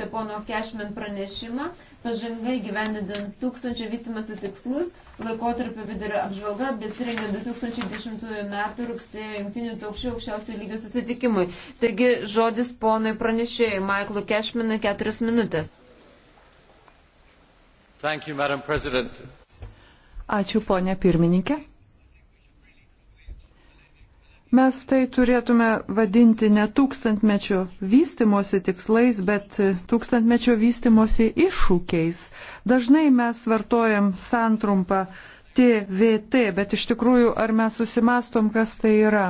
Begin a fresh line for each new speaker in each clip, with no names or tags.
tai pono Kešmen pranešimą, pažangai gyvendinant tūkstančio vystimasių tikslus, laikotarpio vidurio apžvalga, besirengia 2010 m. rugsėjo jungtinių taukščių aukščiausio lygio susitikimui. Taigi žodis ponui pranešėjai, Michaelui Kešmenui, keturias minutės.
Thank you, Ačiū, ponė pirmininkė. Mes tai turėtume vadinti ne tūkstantmečio vystimosi tikslais, bet tūkstantmečio vystimosi iššūkiais. Dažnai mes vartojam santrumpą TVT, bet iš tikrųjų ar mes susimastom, kas tai yra.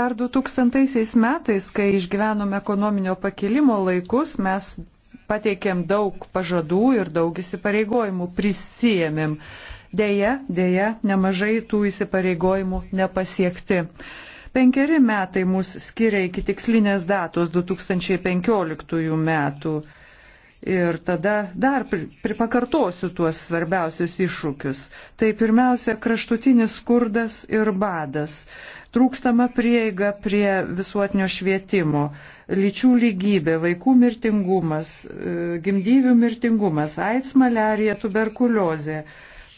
Dar 2000 metais, kai išgyvenom ekonominio pakilimo laikus, mes pateikėm daug pažadų ir daug įsipareigojimų, prisijėmėm. Deja, deja, nemažai tų įsipareigojimų nepasiekti. Penkeri metai mus skiria iki tikslinės datos 2015 metų. Ir tada dar pripakartosiu tuos svarbiausius iššūkius. Tai pirmiausia, kraštutinis skurdas ir badas, trūkstama prieiga prie visuotinio švietimo, lyčių lygybė, vaikų mirtingumas, e, gimdyvių mirtingumas, aids, malerija, tuberkuliozė,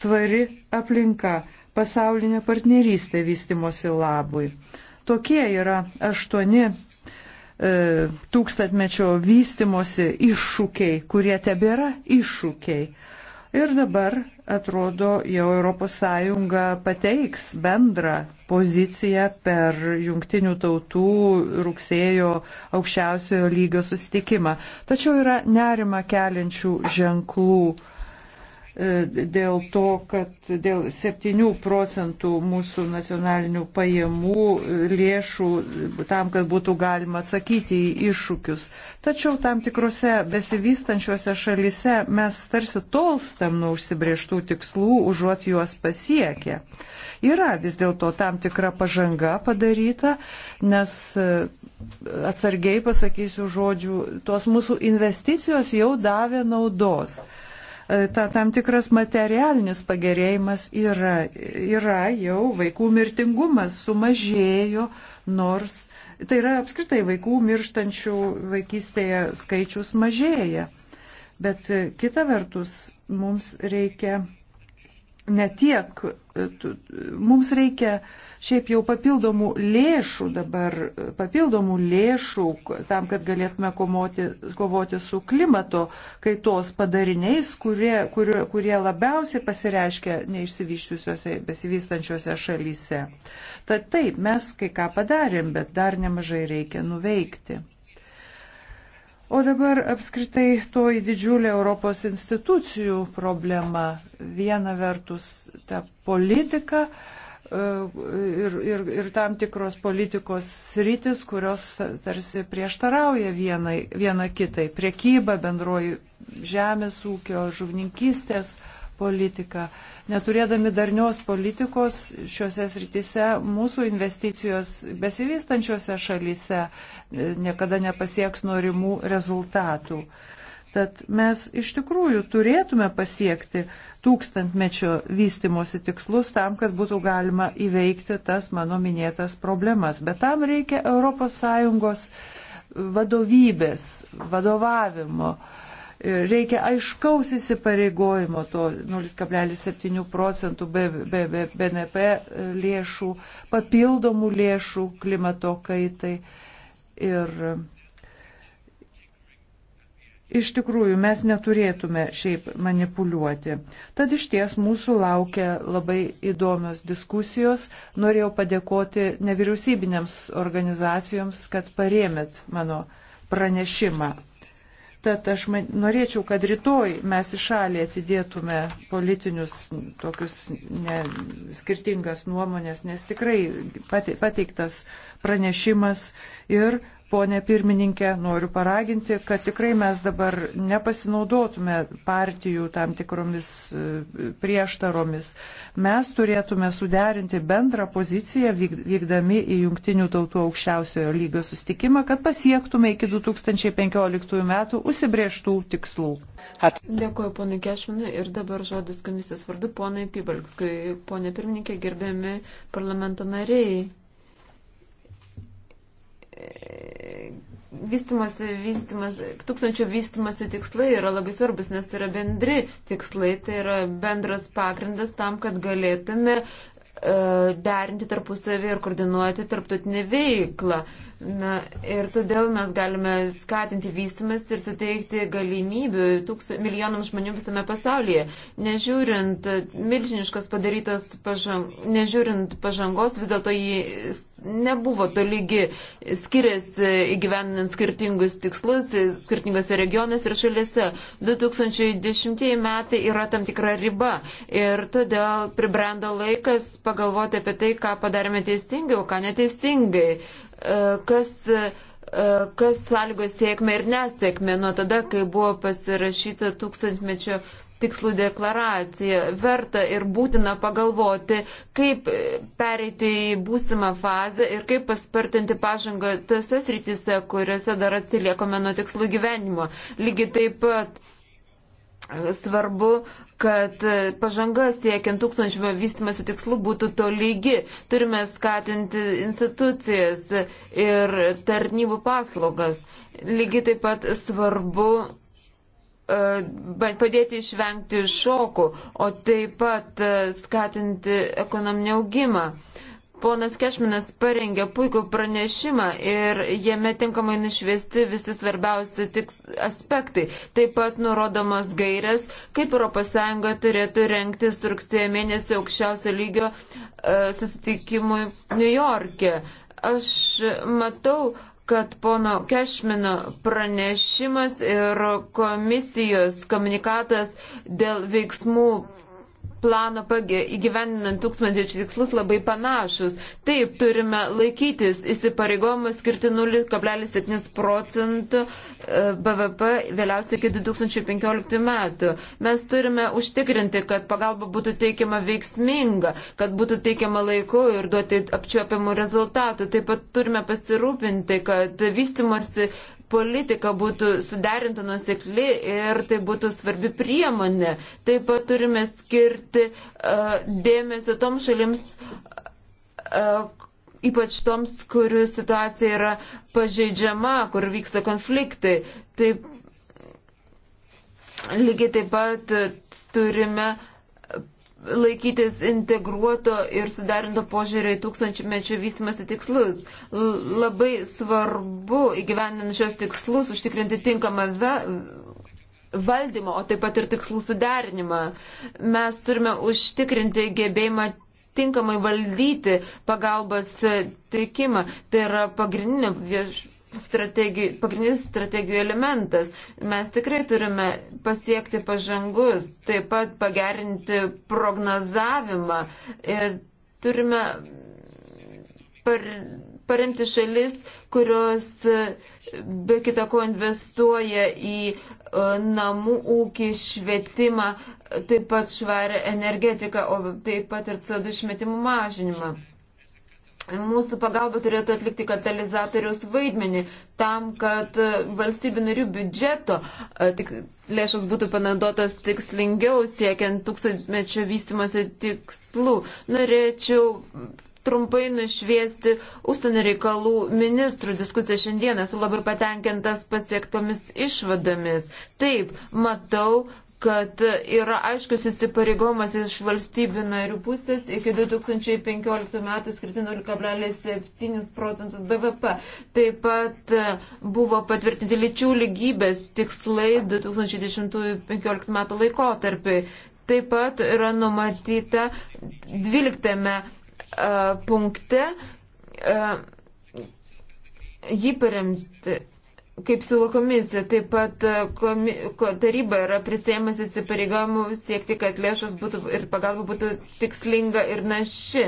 tvari aplinka, pasaulinė partnerystė vystimosi labui. Tokie yra aštuoni e, tūkstantmečio vystimosi iššūkiai, kurie tebėra iššūkiai. Ir dabar, atrodo, jau ES pateiks bendrą poziciją per jungtinių tautų rugsėjo aukščiausiojo lygio susitikimą. Tačiau yra nerima keliančių ženklų E, dėl to, kad dėl 7 procentų mūsų nacionalinių pajamų e, lėšų e, tam, kad būtų galima atsakyti į iššūkius. Tačiau tam tikrose besivystančiose šalise mes tarsi tolstam nuo užsibrieštų tikslų, užuot juos pasiekę. Yra vis dėlto tam tikra pažanga padaryta, nes atsargiai pasakysiu žodžių, tos mūsų investicijos jau davė naudos. E, ta, tam tikras materialinis pagerėjimas yra, yra jau vaikų mirtingumas sumažėjo, nors tai yra apskritai vaikų mirštančių vaikystėje skaičius mažėja. Bet e, kita vertus, mums reikia ne tiek, e, mums reikia uh, šiaip jau papildomų lėšų dabar, papildomų lėšų tam, kad galėtume komoti, kovoti su klimato kaitos padariniais, kurie, kurie, kurie labiausiai pasireiškia neišsivyščiusiuose, besivystančiuose šalyse. Tad taip, mes kai ką padarėm, bet dar nemažai reikia nuveikti. O dabar apskritai toji didžiulė Europos institucijų problema. Viena vertus ta politika, E, ir, ir, ir tam tikros politikos sritis, kurios tarsi prieštarauja vienai, viena kitai. Priekyba, bendroji žemės ūkio, žuvininkystės politika. Neturėdami darnios politikos šiuose srityse, mūsų investicijos besivystančiose šalyse e, niekada nepasieks norimų rezultatų. Uh, Tad mes iš tikrųjų turėtume pasiekti tūkstantmečio vystimosi tikslus tam, kad būtų galima įveikti tas mano minėtas problemas. Bet tam reikia ES vadovybės, vadovavimo. Reikia aiškaus įsipareigojimo to 0,7 procentų BNP lėšų, papildomų lėšų klimato kaitai. Ir Iš tikrųjų, mes neturėtume šiaip manipuliuoti. Tad iš ties mūsų laukia labai įdomios diskusijos. Norėjau padėkoti nevyriausybinėms organizacijoms, kad parėmėt mano pranešimą. Tad aš man, norėčiau, kad rytoj mes į šalį atidėtume politinius tokius ne, skirtingas nuomonės, nes tikrai pateiktas pranešimas ir Pone pirmininkė, noriu paraginti, kad tikrai mes dabar nepasinaudotume partijų tam tikromis e, prieštaromis. Mes turėtume suderinti bendrą poziciją vykdami į Junktinių tautų aukščiausiojo lygio sustikimą, kad pasiektume iki 2015 metų užsibrieštų tikslų.
At. Dėkuoju, ponai Kešminui. Ir dabar žodis komisijos vardu, ponai Pibalkskai. Pone pirmininkė, gerbėmi parlamento nariai. vystimasi, vystimas, tūkstančio vystimasi tikslai yra labai svarbus, nes tai yra bendri tikslai, tai yra bendras pagrindas tam, kad galėtume e, derinti tarpusavį ir koordinuoti tarptautinį veiklą. Na ir todėl mes galime skatinti vystimas ir suteikti galimybių milijonams žmonių visame pasaulyje. Nežiūrint milžiniškos padarytos pažang, nežiūrint pažangos, vis dėlto ji nebuvo tolygi, skiriasi įgyveninant skirtingus tikslus skirtingose regionuose ir šalyse. 2010 metai yra tam tikra riba ir todėl pribrendo laikas pagalvoti apie tai, ką padarėme teisingai, o ką neteisingai kas, kas sąlygo sėkmę ir nesėkmę nuo tada, kai buvo pasirašyta tūkstantmečio tikslų deklaracija. Verta ir būtina pagalvoti, kaip pereiti į būsimą fazę ir kaip paspartinti pažangą tose srityse, kuriuose dar atsiliekome nuo tikslų gyvenimo. Lygiai taip pat svarbu kad e, pažanga siekiant tūkstančio vystimasi tikslų būtų tolygi. Turime skatinti institucijas ir tarnybų paslaugas. Lygiai taip pat svarbu e, padėti išvengti šokų, o taip pat e, skatinti ekonominį augimą. Ponas Kešminas parengė puikų pranešimą ir jame tinkamai nušviesti visi svarbiausi tik aspektai. Taip pat nurodomos gairės, kaip ES turėtų renktis rugsėjo mėnesį aukščiausio lygio e, susitikimui New York'e. Aš matau, kad pono Kešmino pranešimas ir komisijos komunikatas dėl veiksmų plano įgyveninant tūkstantmečių tikslus labai panašus. Taip, turime laikytis įsipareigojimų skirti 0,7 procentų e, BVP vėliausiai iki 2015 metų. Mes turime užtikrinti, kad pagalba būtų teikiama veiksminga, kad būtų teikiama laiku ir duoti apčiuopiamų rezultatų. Taip pat turime pasirūpinti, kad vystimosi politika būtų suderinta nusekli ir tai būtų svarbi priemonė. Taip pat turime skirti uh, dėmesį toms šalims, uh, ypač toms, kurių situacija yra pažeidžiama, kur vyksta konfliktai. Taip, lygiai taip pat turime uh, laikytis integruoto ir sudarinto požiūrio į tūkstančiamečio vystimasi tikslus. Labai svarbu įgyvendinant šios tikslus užtikrinti tinkamą valdymą, o taip pat ir tikslų sudarinimą. Mes turime užtikrinti gebėjimą tinkamai valdyti pagalbos teikimą. Tai yra pagrindinė vieš strategijų, pagrindinis strategijų elementas. Mes tikrai turime pasiekti pažangus, taip pat pagerinti prognozavimą ir turime par, paremti šalis, kurios be kita ko investuoja į e, namų ūkį, švietimą, taip pat švarę energetiką, o taip pat ir CO2 išmetimų mažinimą mūsų pagalba turėtų atlikti katalizatoriaus vaidmenį tam, kad valstybių narių biudžeto e, tik, lėšos būtų panaudotos tikslingiau siekiant tūkstantmečio vystimosi tikslų. Norėčiau trumpai nušviesti užsienio reikalų ministrų diskusiją šiandien. Esu labai patenkintas pasiektomis išvadomis. Taip, matau, kad yra aiškus įsipareigomas iš valstybių narių pusės iki 2015 metų skirti 0,7 procentus BVP. Taip pat e, buvo patvirtinti lyčių lygybės tikslai 2010-2015 metų laikotarpiai. Taip pat yra numatyta 12 uh, e, punkte uh, jį paremti kaip siūlo komisija. Taip pat e, komi, ko, taryba yra prisėmęs įsipareigojimų siekti, kad lėšos būtų ir pagalba būtų tikslinga ir naši.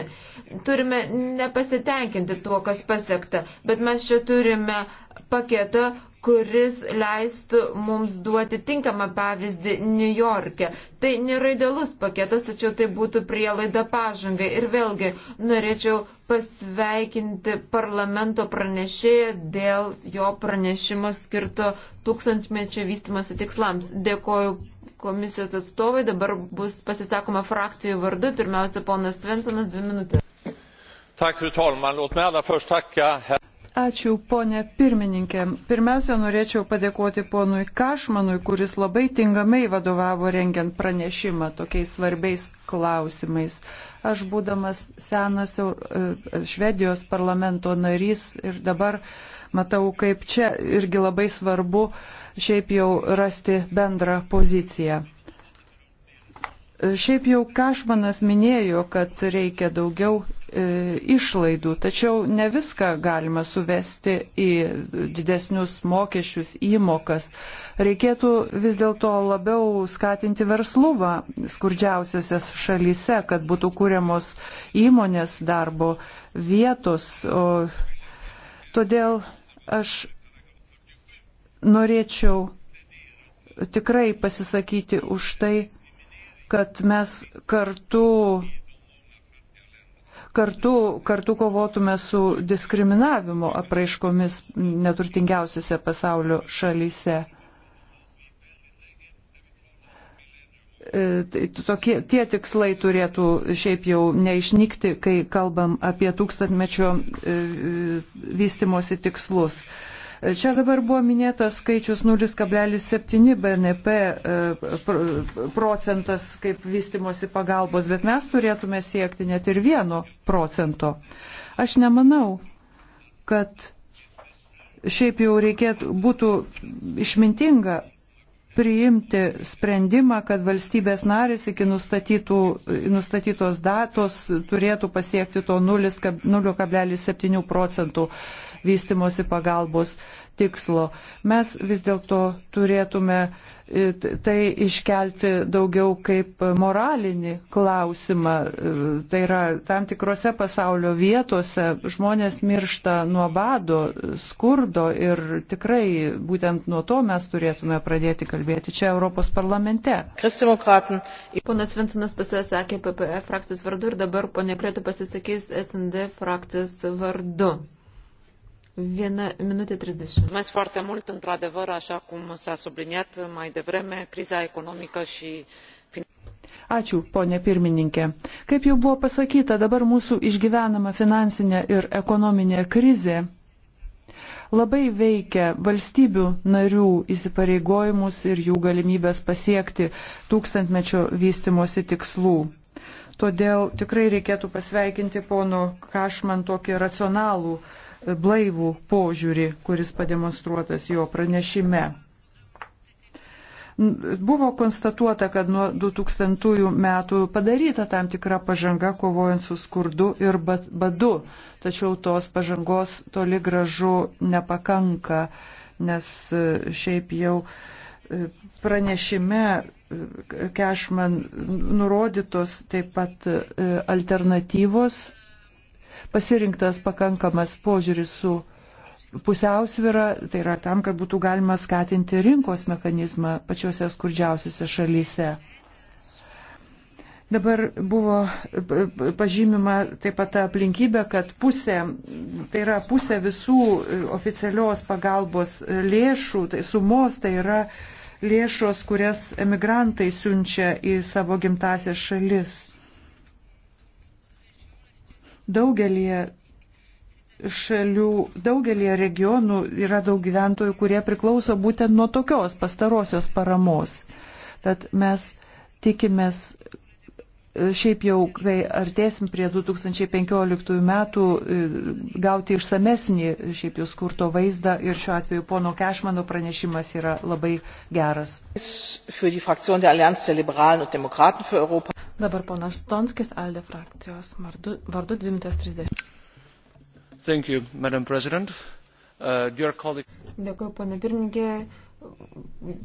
Turime nepasitenkinti tuo, kas pasiekta, bet mes čia turime uh, paketą, kuris leistų mums duoti tinkamą pavyzdį New York'e. Tai nėra idealus paketas, tačiau tai būtų prielaida pažangai. Ir vėlgi norėčiau pasveikinti parlamento pranešėją dėl jo pranešimo skirto tūkstantmečio vystimosi tikslams. Dėkoju komisijos atstovai, dabar bus pasisakoma frakcijų vardu. Pirmiausia, ponas Svensonas, dvi minutės.
Tak, fru talman. Låt mig allra först tacka herr Ačiū, ponė pirmininkė. Pirmiausia, norėčiau padėkoti ponui Kašmanui, kuris labai tingamai vadovavo rengiant pranešimą tokiais svarbiais klausimais. Aš būdamas senas e, Švedijos parlamento narys ir dabar matau, kaip čia irgi labai svarbu šiaip jau rasti bendrą poziciją. Šiaip jau Kašmanas minėjo, kad reikia daugiau E, išlaidų, tačiau ne viską galima suvesti į didesnius mokesčius, įmokas. Reikėtų vis dėlto labiau skatinti verslumą skurdžiausiose šalyse, kad būtų kūriamos įmonės darbo vietos. O, todėl aš norėčiau tikrai pasisakyti už tai, kad mes kartu kartu, kartu kovotume su diskriminavimo apraiškomis neturtingiausiose pasaulio šalyse. E, tai tokie, tie tikslai turėtų šiaip jau neišnykti, kai kalbam apie tūkstantmečio e, e, vystimosi tikslus. E, Čia dabar buvo minėtas skaičius 0,7 BNP e, procentas kaip vystimosi pagalbos, bet mes turėtume siekti net ir 1 procento. Aš nemanau, kad šiaip jau reikėtų, būtų išmintinga priimti sprendimą, kad valstybės narės iki nustatytos datos turėtų pasiekti to 0,7 procentų vystimosi pagalbos tikslo. Mes vis dėlto turėtume e, tai iškelti daugiau kaip moralinį klausimą. E, tai yra tam tikrose pasaulio vietose žmonės miršta nuo bado, skurdo ir tikrai būtent nuo to mes turėtume pradėti kalbėti čia Europos parlamente.
Ponas Vinsonas pasisakė PPE frakcijos vardu ir dabar ponė Kretų pasisakys SND frakcijos vardu. Viena minutė 30. Mes foarte mult, într-adevăr, așa cum s-a subliniat mai devreme, criza economică și
Ačiū, ponė pirmininkė. Kaip jau buvo pasakyta, dabar mūsų išgyvenama finansinė ir ekonominė krizė labai veikia valstybių narių įsipareigojimus ir jų galimybės pasiekti tūkstantmečio vystimosi tikslų. Todėl tikrai reikėtų pasveikinti pono Kašman tokį racionalų uh, blaivų požiūrį, kuris pademonstruotas jo pranešime. Buvo konstatuota, kad nuo 2000 metų padaryta tam tikra pažanga kovojant su skurdu ir badu, tačiau tos pažangos toli gražu nepakanka, nes e, šiaip jau e, pranešime Kešman nurodytos taip pat e, alternatyvos pasirinktas pakankamas požiūris su pusiausvyrą, tai yra tam, kad būtų galima skatinti rinkos mechanizmą pačiose skurdžiausiose šalyse. Dabar buvo pažymima taip pat ta aplinkybė, kad pusė, tai yra pusė visų oficialios pagalbos lėšų, tai sumos, tai yra lėšos, kurias emigrantai siunčia į savo gimtasias šalis. Daugelie šalių, daugelie regionų yra daug gyventojų, kurie priklauso būtent nuo tokios pastarosios paramos. Tad mes tikimės šiaip jau, kai artėsim prie 2015 metų, e, gauti išsamesnį šiaip jau skurto vaizdą ir šiuo atveju pono Kešmano pranešimas yra labai geras.
Dabar ponas Tonskis, Alde frakcijos vardu, vardu 230.
Thank you, Madam President. Uh, dear colleague. Dėkuoju, ponė pirmininkė,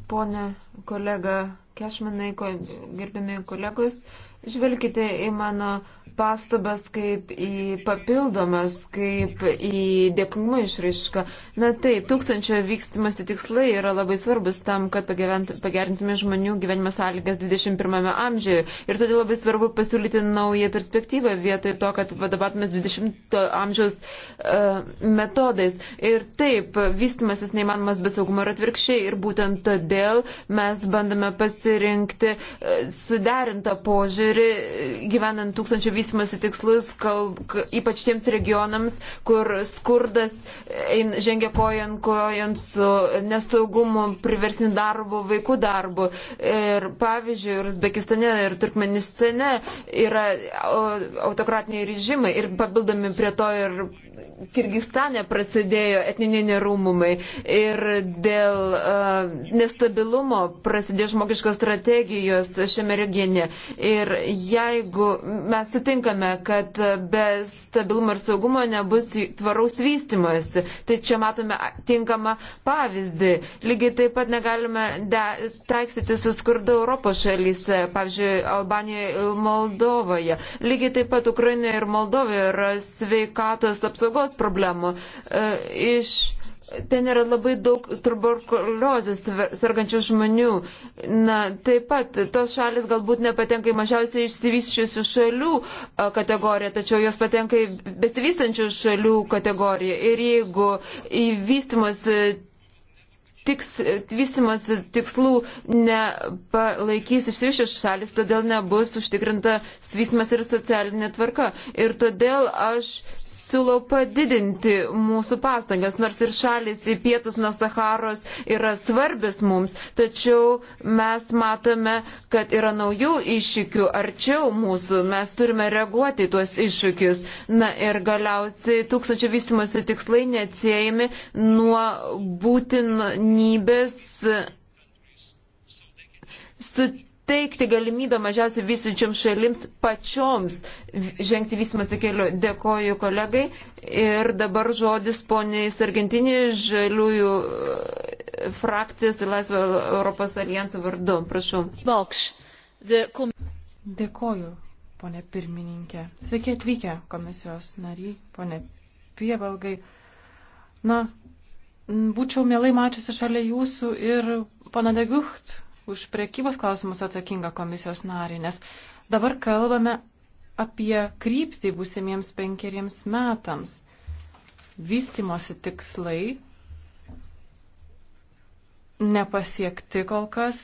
ponė kolega Kešmanai, gerbiami kolegos. Uh, Žvelkite į mano pastabas kaip į papildomas, kaip į dėkumo išraišką. Na taip, tūkstančio vykstimasi tikslai yra labai svarbus tam, kad pagerintume žmonių gyvenimo sąlygas 21 amžiuje. Ir todėl labai svarbu pasiūlyti naują perspektyvą vietoj to, kad vadovautumės 20 amžiaus uh, metodais. Ir taip, vystimasis neįmanomas be saugumo ir atvirkščiai. Ir būtent todėl mes bandome pasirinkti uh, suderintą požiūrį gyvenant tūkstančio vykstimasi vystimosi tikslus, kal, ypač tiems regionams, kur skurdas ein, žengia kojan kojan su nesaugumu, priversiniu darbu, vaikų darbu. Ir pavyzdžiui, ir Uzbekistane, ir Turkmenistane yra autokratiniai režimai ir papildomi prie to ir Kirgistane prasidėjo etniniai nerūmumai ir dėl uh, nestabilumo prasidėjo žmogiškos strategijos šiame regione. Ir jeigu mes sutinkame, kad be stabilumo ir saugumo nebus tvaraus vystimosi, tai čia matome tinkamą pavyzdį. Lygiai taip pat negalime taiksyti su skurdu Europos šalyse, pavyzdžiui, Albanijoje ir Moldovoje. Lygiai taip pat Ukrainoje ir Moldovoje yra sveikatos apsaugos apsaugos problemų. E, iš ten yra labai daug tuberkuliozės sergančių žmonių. Na, taip pat tos šalis galbūt nepatenka į mažiausiai išsivysčiusių šalių e, kategoriją, tačiau jos patenka į besivystančių šalių kategoriją. Ir jeigu į vystimas e, tiks, vystimas tikslų nepalaikys išsivyšęs šalis, todėl nebus užtikrinta vystimas ir socialinė tvarka. Ir todėl aš siūlau padidinti mūsų pastangas, nors ir šalis į pietus nuo Saharos yra svarbis mums, tačiau mes matome, kad yra naujų iššūkių arčiau mūsų, mes turime reaguoti į tuos iššūkius. Na ir galiausiai tūkstančio vystimosi tikslai neatsiejami nuo būtinybės su suteikti galimybę mažiausiai vysinčiams šalims pačioms žengti vystimosi keliu. Dėkoju kolegai. Ir dabar žodis poniais Argentinį žaliųjų e, frakcijos ir Laisvė Europos alijansų vardu. Prašau. Balkš. Dėkoju, ponė
pirmininkė. Sveiki atvykę komisijos nariai, ponė Pievalgai. Na, būčiau mielai mačiusi šalia jūsų ir pana Degucht už priekybos klausimus atsakingą komisijos narį, nes dabar kalbame apie kryptį būsimiems penkeriems metams. Vystimosi tikslai nepasiekti kol kas.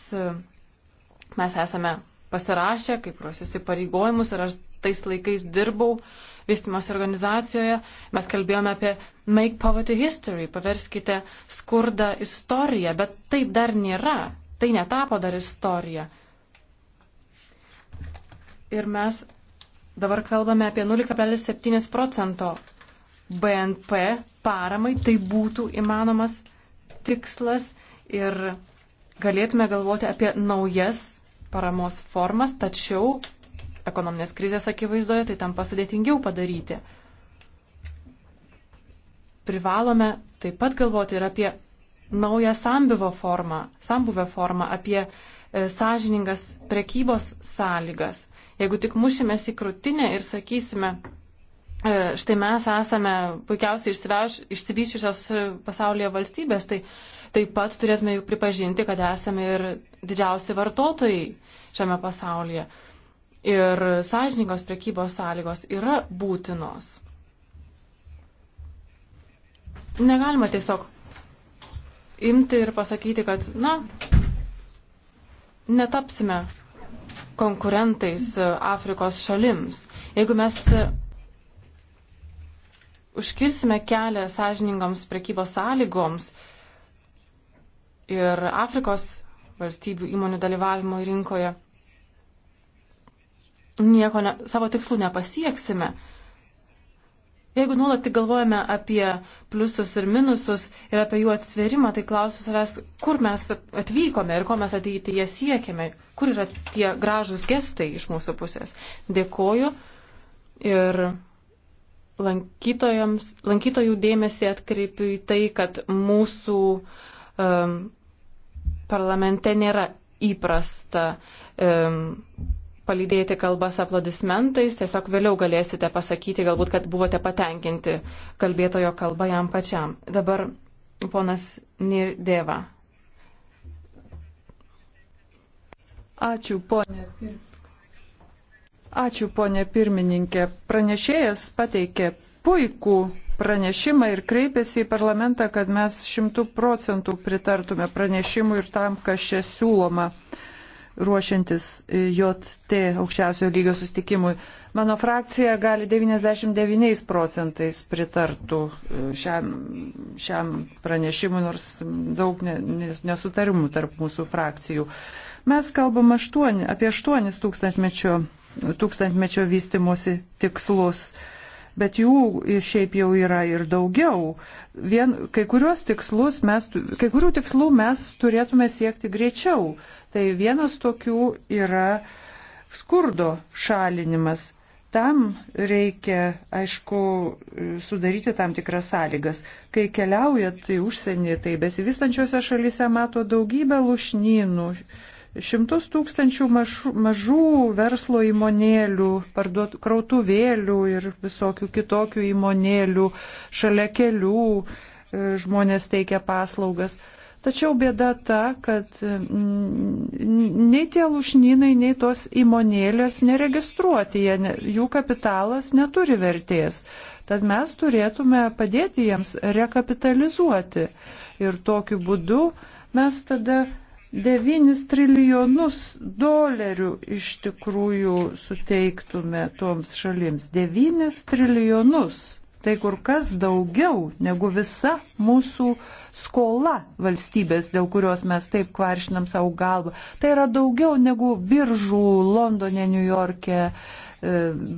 Mes esame pasirašę kai kuriuos įsipareigojimus ir aš tais laikais dirbau vystimos organizacijoje. Mes kalbėjome apie Make Poverty History, paverskite skurdą istoriją, bet taip dar nėra. Tai netapo dar istorija. Ir mes dabar kalbame apie 0,7 procento BNP paramai. Tai būtų įmanomas tikslas ir galėtume galvoti apie naujas paramos formas, tačiau ekonominės krizės akivaizdoje tai tam pasidėtingiau padaryti. Privalome taip pat galvoti ir apie naują sambuvo formą, sambuvę formą, apie e, sąžiningas prekybos sąlygas. Jeigu tik mušimės į krūtinę ir sakysime, e, štai mes esame puikiausiai išsivyščiusios e, pasaulyje valstybės, tai taip pat turėtume juk pripažinti, kad esame ir didžiausi vartotojai šiame pasaulyje. Ir sąžiningos prekybos sąlygos yra būtinos. Negalima tiesiog imti ir pasakyti, kad, na, netapsime konkurentais e, Afrikos šalims. Jeigu mes e, užkirsime kelią sąžiningoms prekybos sąlygoms ir Afrikos valstybių įmonių dalyvavimo rinkoje, nieko ne, savo tikslų nepasieksime. Jeigu nuolat tik galvojame apie pliusus ir minusus ir apie jų atsverimą, tai klausiu savęs, kur mes atvykome ir ko mes ateityje siekime, kur yra tie gražūs gestai iš mūsų pusės. Dėkoju ir lankytojų dėmesį atkreipiu į tai, kad mūsų um, parlamente nėra įprasta um, palydėti kalbas aplodismentais, tiesiog vėliau galėsite pasakyti galbūt, kad buvote patenkinti kalbėtojo kalba jam pačiam. Dabar ponas Nirdėva.
Ačiū, ponė. Ačiū, ponė pirmininkė. Pranešėjas pateikė puikų pranešimą ir kreipėsi į parlamentą, kad mes šimtų procentų pritartume pranešimui ir tam, kas čia siūloma. Uh, ruošiantis e, JT aukščiausio lygio sustikimui. Mano frakcija gali 99 procentais pritartų e, šiam, šiam pranešimui, nors daug nesutarimų tarp mūsų frakcijų. Mes kalbam 8, apie 8 tūkstantmečio, tūkstantmečio vystimosi tikslus bet jų šiaip jau yra ir daugiau. Vien, kai, mes, kai kurių tikslų mes turėtume siekti greičiau. Tai vienas tokių yra skurdo šalinimas. Tam reikia, aišku, sudaryti tam tikras sąlygas. Kai keliaujat į užsienį, tai besivystančiose šalyse mato daugybę lušnynų, šimtus tūkstančių mažų, mažų verslo įmonėlių, parduot, krautuvėlių ir visokių kitokių įmonėlių, šalia kelių e, žmonės teikia paslaugas. Tačiau bėda ta, kad mm, nei tie lūšnynai, nei tos įmonėlės neregistruoti, jie, jų kapitalas neturi vertės. Tad mes turėtume padėti jiems rekapitalizuoti. Ir tokiu būdu mes tada 9 trilijonus dolerių iš tikrųjų suteiktume toms šalims. 9 trilijonus. Tai kur kas daugiau negu visa mūsų skola valstybės, dėl kurios mes taip kvaršinam savo galvą. Tai yra daugiau negu biržų Londone, New York'e e,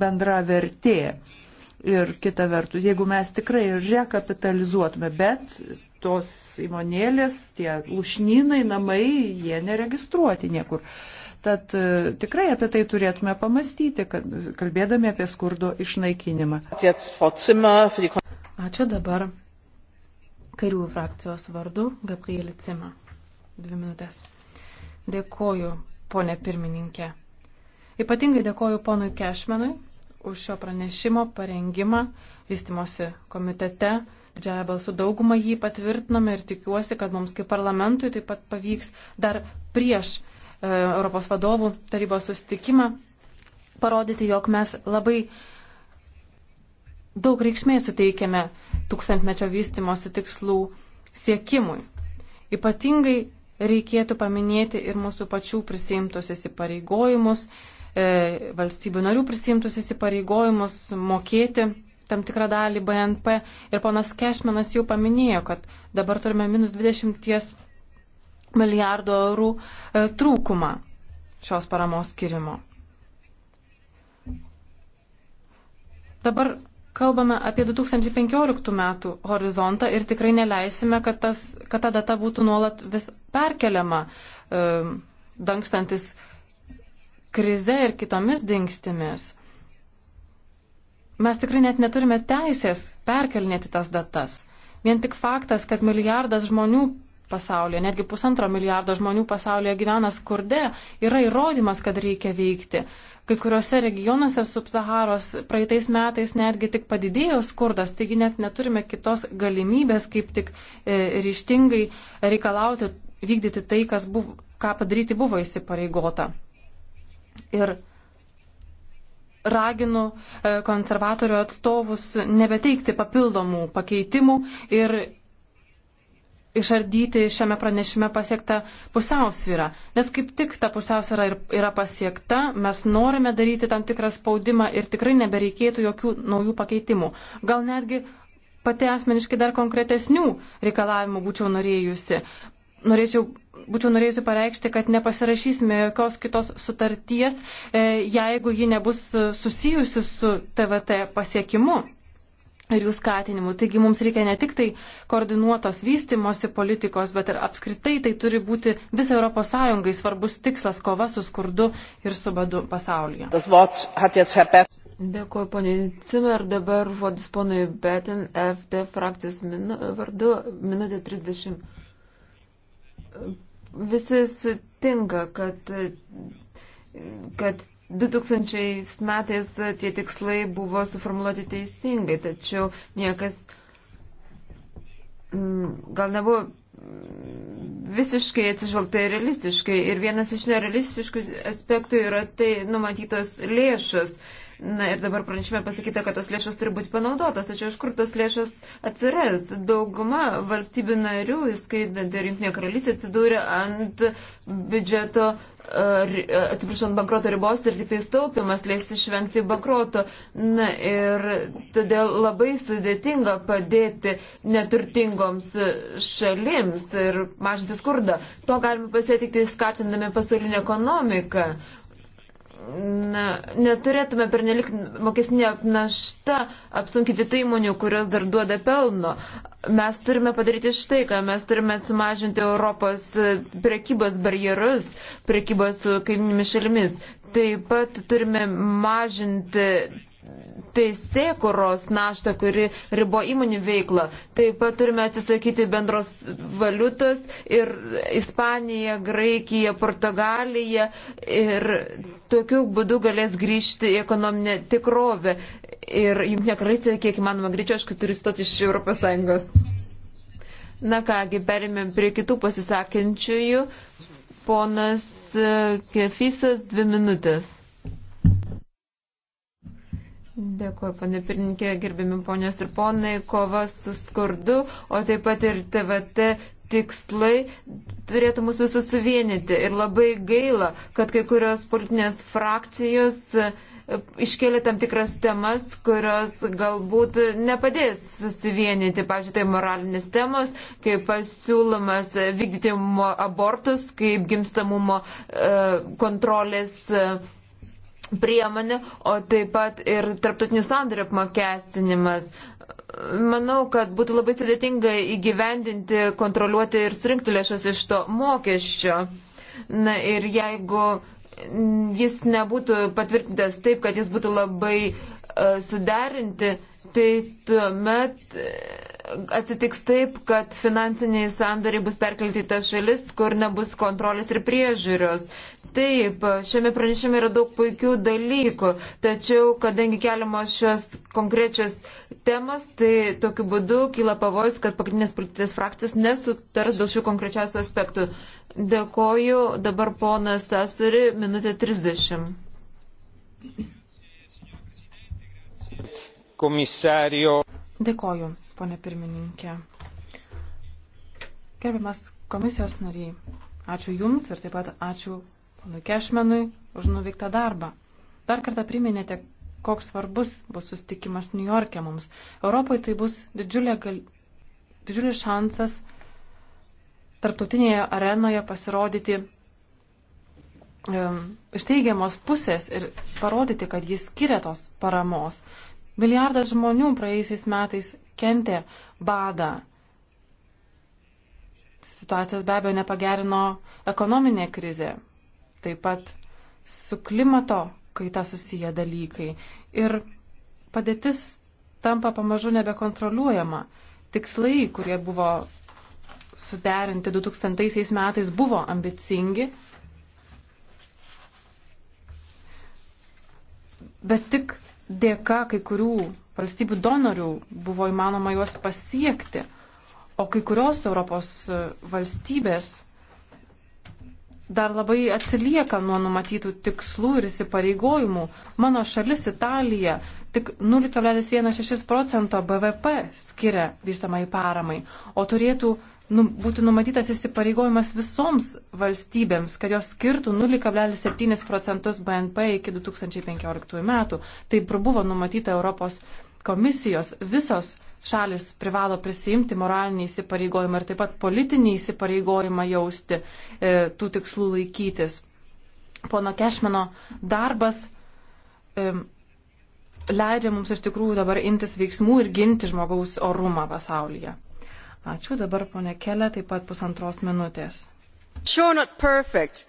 bendra vertė. Ir kita vertus, jeigu mes tikrai rekapitalizuotume, bet tos įmonėlės, tie lušnynai, namai, jie neregistruoti niekur. Uh, Tad e, tikrai apie tai turėtume pamastyti, kad, kalbėdami apie skurdo išnaikinimą. Ačiū dabar
kairių frakcijos vardu Gabrielį Cimą. Dvi minutės. Dėkoju, ponė pirmininkė. Ypatingai dėkoju ponui Kešmenui už šio pranešimo parengimą vystimosi komitete. Didžiaja balsų daugumą jį patvirtinome ir tikiuosi, kad mums kaip parlamentui taip pat pavyks dar prieš Europos vadovų tarybos sustikimą, parodyti, jog mes labai daug reikšmės suteikėme tūkstantmečio vystimosi tikslų siekimui. Ypatingai reikėtų paminėti ir mūsų pačių prisimtus įsipareigojimus, e, valstybių narių prisimtus įsipareigojimus mokėti tam tikrą dalį BNP. Ir ponas Kešmenas jau paminėjo, kad dabar turime minus 20 milijardo eurų e, trūkumą šios paramos skirimo. Dabar kalbame apie 2015 metų horizontą ir tikrai neleisime, kad, tas, kad ta data būtų nuolat vis perkeliama, e, dangstantis krize ir kitomis dingstimis. Mes tikrai net neturime teisės perkelnėti tas datas. Vien tik faktas, kad milijardas žmonių pasaulyje. Netgi pusantro milijardo žmonių pasaulyje gyvena skurde. Yra įrodymas, kad reikia veikti. Kai kuriuose regionuose subsaharos praeitais metais netgi tik padidėjo skurdas, taigi net neturime kitos galimybės, kaip tik e, ryštingai reikalauti vykdyti tai, kas buvo, ką padaryti buvo įsipareigota. Ir raginu e, konservatorių atstovus nebeteikti papildomų pakeitimų ir išardyti šiame pranešime pasiektą pusiausvyrą. Nes kaip tik ta pusiausvyra yra pasiekta, mes norime daryti tam tikrą spaudimą ir tikrai nebereikėtų jokių naujų pakeitimų. Gal netgi pati asmeniškai dar konkretesnių reikalavimų būčiau norėjusi. Norėčiau, būčiau norėjusi pareikšti, kad nepasirašysime jokios kitos sutarties, e, jeigu ji nebus susijusi su TVT pasiekimu ir jų skatinimu. Taigi mums reikia ne tik tai koordinuotos vystimosi politikos, bet ir apskritai tai turi būti visai ES svarbus
tikslas - kova su skurdu ir su badu pasaulyje. Dėkuoju, ponė Cimer, dabar vodis ponui Betin, FD frakcijos minu, vardu, minutė 30. Visi sutinka, kad, kad 2000 metais tie tikslai buvo suformuoluoti teisingai, tačiau niekas mm, gal nebuvo visiškai atsižvelgta ir realistiškai. Ir vienas iš nerealistiškų aspektų yra tai numatytos lėšos. Na ir dabar pranešime pasakyta, kad tos lėšos turi būti panaudotos, tačiau iš kur tos lėšos atsiras? Dauguma valstybių narių, įskaitant ir Junktinė karalystė, atsidūrė ant biudžeto, atsiprašau, ant bankroto ribos ir tik tai staupimas leis išvengti bankroto. Na ir todėl labai sudėtinga padėti neturtingoms šalims ir mažinti skurdą. To galime pasiekti tai skatindami pasaulinę ekonomiką na, neturėtume pernelik mokesnė našta apsunkinti tų įmonių, kurios dar duoda pelno. Mes turime padaryti štai, ką mes turime sumažinti Europos e, prekybos barjerus, prekybos su kaiminimis šalimis. Taip pat turime mažinti teisėkuros naštą, kuri ribo įmonių veiklą. Taip pat turime atsisakyti bendros valiutos ir Ispanija, Graikija, Portugalija ir tokiu būdu galės grįžti į ekonominę tikrovę. Ir Junktinė karalystė, kiek įmanoma greičiau, aišku, turi stoti iš ES. Na kągi, perėmėm prie kitų pasisakančiųjų. Ponas Kefisas, dvi minutės. Dėkuoju, ponė pirmininkė, gerbėmi ponios ir ponai, kova su skurdu, o taip pat ir TVT tikslai turėtų mus visus suvienyti. Ir labai gaila, kad kai kurios politinės frakcijos e, iškėlė tam tikras temas, kurios galbūt nepadės susivienyti. Pavyzdžiui, tai moralinės temos, kaip pasiūlomas vykdyti abortus, kaip gimstamumo e, kontrolės. Uh, priemonė, o taip pat ir tarptautinių sandorių apmokestinimas. Manau, kad būtų labai sudėtinga įgyvendinti, kontroliuoti ir surinkti lėšas iš to mokesčio. Na ir jeigu jis nebūtų patvirtintas taip, kad jis būtų labai uh, suderinti, tai tuomet e, atsitiks taip, kad finansiniai sandoriai bus perkelti į tas šalis, kur nebus kontrolės ir priežiūros. Taip, šiame pranešime yra daug puikių dalykų, tačiau kadangi keliamos šios konkrečios temos, tai tokiu būdu kyla pavojus, kad pagrindinės politinės frakcijos nesutars dėl šių konkrečiausių aspektų. Dėkoju, dabar ponas Sasari, minutė 30.
Komisario.
Dėkoju, ponė pirmininkė.
Gerbiamas komisijos nariai, ačiū Jums ir taip pat ačiū ponui Kešmenui už nuveiktą darbą. Dar kartą priminėte, koks svarbus bus sustikimas New York'e mums. Europoje tai bus didžiulė gal... didžiulis šansas tarptautinėje arenoje pasirodyti um, iš teigiamos pusės ir parodyti, kad jis skiria tos paramos. Milijardas žmonių praėjusiais metais kentė badą. Situacijos be abejo nepagerino ekonominė krizė, taip pat su klimato kaita susiję dalykai. Ir padėtis tampa pamažu nebekontroliuojama. Tikslai, kurie buvo suderinti 2000 metais, buvo ambicingi, bet tik dėka kai kurių valstybių donorių buvo įmanoma juos pasiekti, o kai kurios Europos valstybės dar labai atsilieka nuo numatytų tikslų ir įsipareigojimų. Mano šalis Italija tik 0,16 procento BVP skiria vystamai paramai, o turėtų nu, būti numatytas įsipareigojimas visoms valstybėms, kad jos skirtų 0,7 procentus BNP iki 2015 metų. Taip ir buvo numatyta Europos komisijos visos šalis privalo prisijimti moralinį įsipareigojimą ir taip pat politinį įsipareigojimą jausti e, tų tikslų laikytis. Pono Kešmeno darbas e, leidžia mums iš tikrųjų dabar imtis veiksmų ir ginti žmogaus orumą pasaulyje. Ačiū dabar, ponė Kelė, taip pat pusantros minutės.
Sure perfect,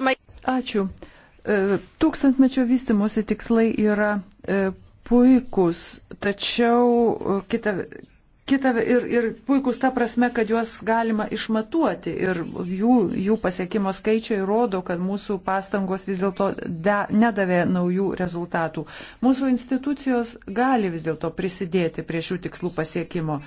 may... Ačiū. E, tūkstantmečio vystimosi tikslai yra e, puikus, tačiau e, kita, Kita ir, ir puikus ta prasme, kad juos galima išmatuoti ir jų, jų pasiekimo skaičiai rodo, kad mūsų pastangos vis dėlto nedavė naujų rezultatų. Mūsų institucijos gali vis dėlto prisidėti prie šių tikslų pasiekimo.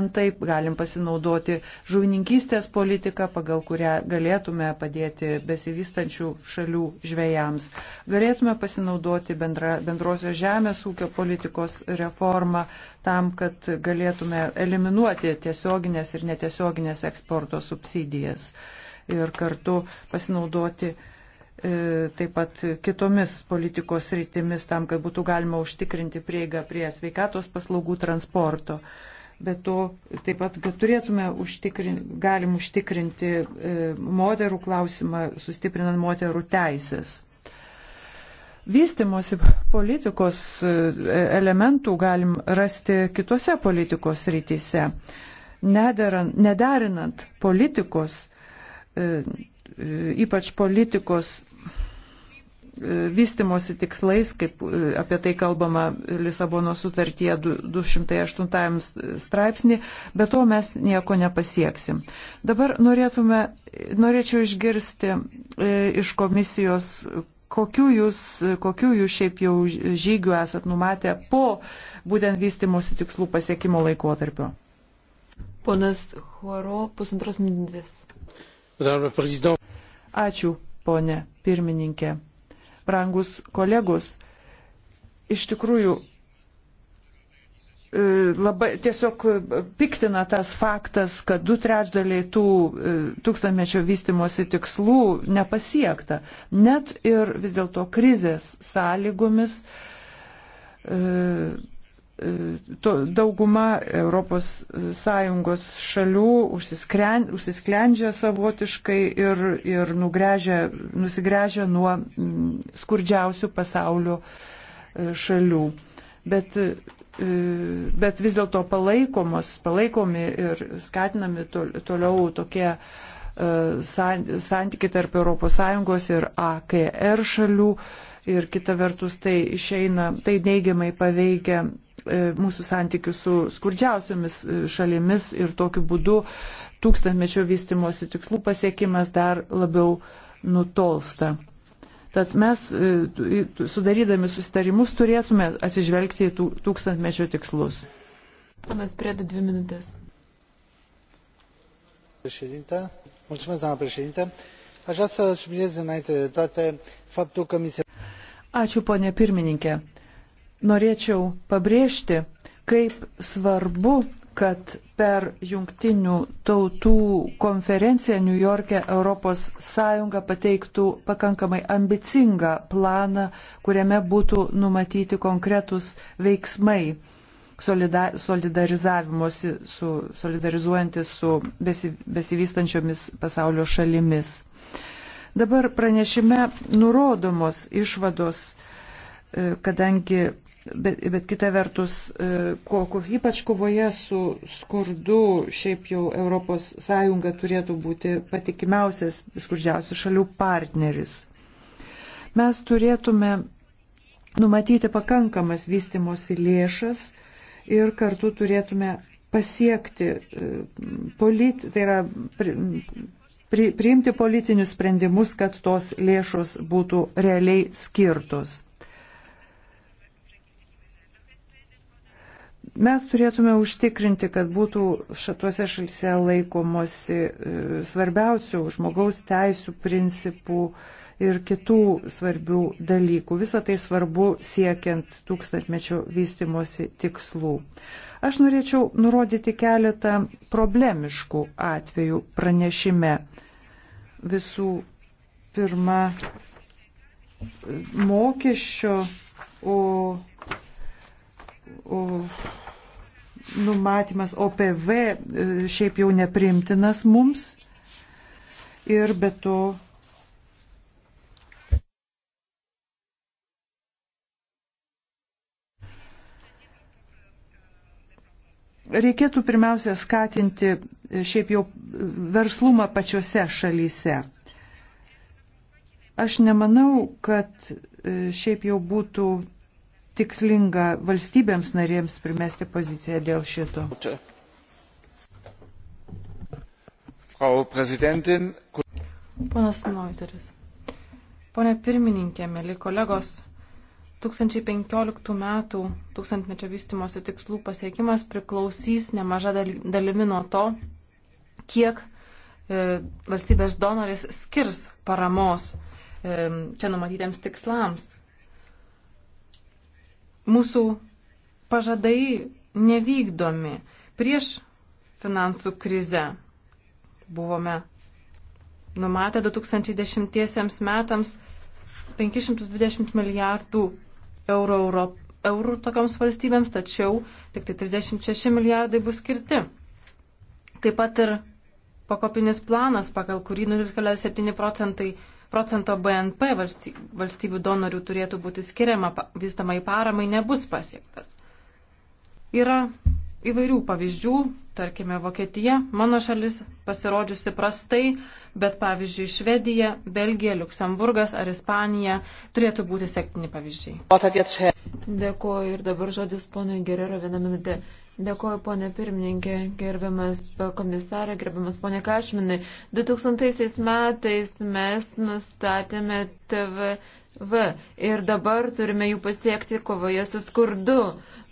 Antaip galim pasinaudoti žuvininkystės politiką, pagal kurią galėtume padėti besivystančių šalių žvėjams. Galėtume pasinaudoti bendra, bendrosios žemės ūkio politikos reformą tam, kad galėtume eliminuoti tiesioginės ir netiesioginės eksporto subsidijas ir kartu pasinaudoti e, taip pat kitomis politikos rytimis tam, kad būtų galima užtikrinti prieigą prie sveikatos paslaugų transporto. Bet to taip pat, kad turėtume užtikrinti, galim užtikrinti e, moterų klausimą, sustiprinant moterų teisės vystimosi politikos e, elementų galim rasti kitose politikos rytise. Nederant, nederinant politikos, e, e, ypač politikos vystimosi tikslais, kaip apie tai kalbama Lisabono sutartyje 208 straipsnį, bet to mes nieko nepasieksim. Dabar norėtume, norėčiau išgirsti iš komisijos, kokiu jūs, kokiu jūs šiaip jau žygių esat numatę po būtent vystimosi tikslų pasiekimo laikotarpio?
Ponas Huaro, pusantros minutės.
Ačiū, ponė pirmininkė. Brangus kolegus, iš tikrųjų E, labai tiesiog e, piktina tas faktas, kad du trečdaliai tų e, tūkstantmečio vystimosi tikslų nepasiekta. Net ir vis dėlto krizės sąlygomis to, dauguma ES šalių užsisklendžia savotiškai ir, ir nugrėžia, nusigręžia nuo skurdžiausių pasaulio šalių. Bet E, bet vis dėlto palaikomos, palaikomi ir skatinami toliau tokie e, santykiai tarp ES ir AKR šalių. Ir kita vertus, tai išeina, tai neigiamai paveikia e, mūsų santykių su skurdžiausiamis šalimis ir tokiu būdu tūkstantmečio vystimosi tikslų pasiekimas dar labiau nutolsta. Tad mes, e, sudarydami susitarimus, turėtume atsižvelgti į tūkstantmečio tikslus.
Panas Prėda, dvi minutės.
Mulțumesc, doamna președinte. Aș vrea să subliniez înainte de toate faptul că mi se... Ačiū, ponė pirmininkė. Norėčiau pabrėžti, kaip svarbu kad per jungtinių tautų konferenciją New York'e ES pateiktų pakankamai ambicingą planą, kuriame būtų numatyti konkretus veiksmai solidarizavimuose, su, solidarizuojantis su besi, besivystančiomis pasaulio šalimis. Dabar pranešime nurodomos išvados e, kadangi Bet, bet kita vertus, e, ko, ko, ypač kovoje su skurdu, šiaip jau ES turėtų būti patikimiausias skurdžiausių šalių partneris. Mes turėtume numatyti pakankamas vystimosi lėšas ir kartu turėtume pasiekti e, polit, tai yra pri, pri, priimti politinius sprendimus, kad tos lėšos būtų realiai skirtos. Mes turėtume užtikrinti, kad būtų šatuose šalyse laikomosi e, svarbiausių žmogaus teisų principų ir kitų svarbių dalykų. Visą tai svarbu siekiant tūkstantmečio vystimosi tikslų. Aš norėčiau nurodyti keletą problemiškų atvejų pranešime. Visų pirma, mokesčio, o, o numatymas OPV e, šiaip jau neprimtinas mums ir be to reikėtų pirmiausia skatinti e, šiaip jau verslumą pačiose šalyse. Aš nemanau, kad e, šiaip jau būtų tikslinga valstybėms narėms primesti poziciją dėl šito. Ponas Noiteris.
Pone pirmininkė, mėly kolegos, 2015 metų tūkstantmečio vystimosi tikslų pasiekimas priklausys nemaža dalimi nuo to, kiek e, valstybės donorės skirs paramos e, čia numatytiems tikslams, mūsų pažadai nevykdomi. Prieš finansų krizę buvome numatę 2010 metams 520 milijardų eurų, eurų, eurų tokioms valstybėms, tačiau tik tai 36 milijardai bus skirti. Taip pat ir pakopinis planas, pagal kurį 0,7 procentai procento BNP valstybių donorių turėtų būti skiriama vystamai paramai nebus pasiektas. Yra įvairių pavyzdžių, tarkime Vokietija, mano šalis pasirodžiusi prastai, bet pavyzdžiui Švedija, Belgija, Luksemburgas ar Ispanija turėtų būti
sektini pavyzdžiai. Dėkuoju ir dabar žodis ponui Gerero vieną minutę. Dėkuoju, ponė pirmininkė, gerbiamas komisarė, gerbiamas ponė Kašminai. 2000 metais mes nustatėme TVV ir dabar turime jų pasiekti kovoje su skurdu.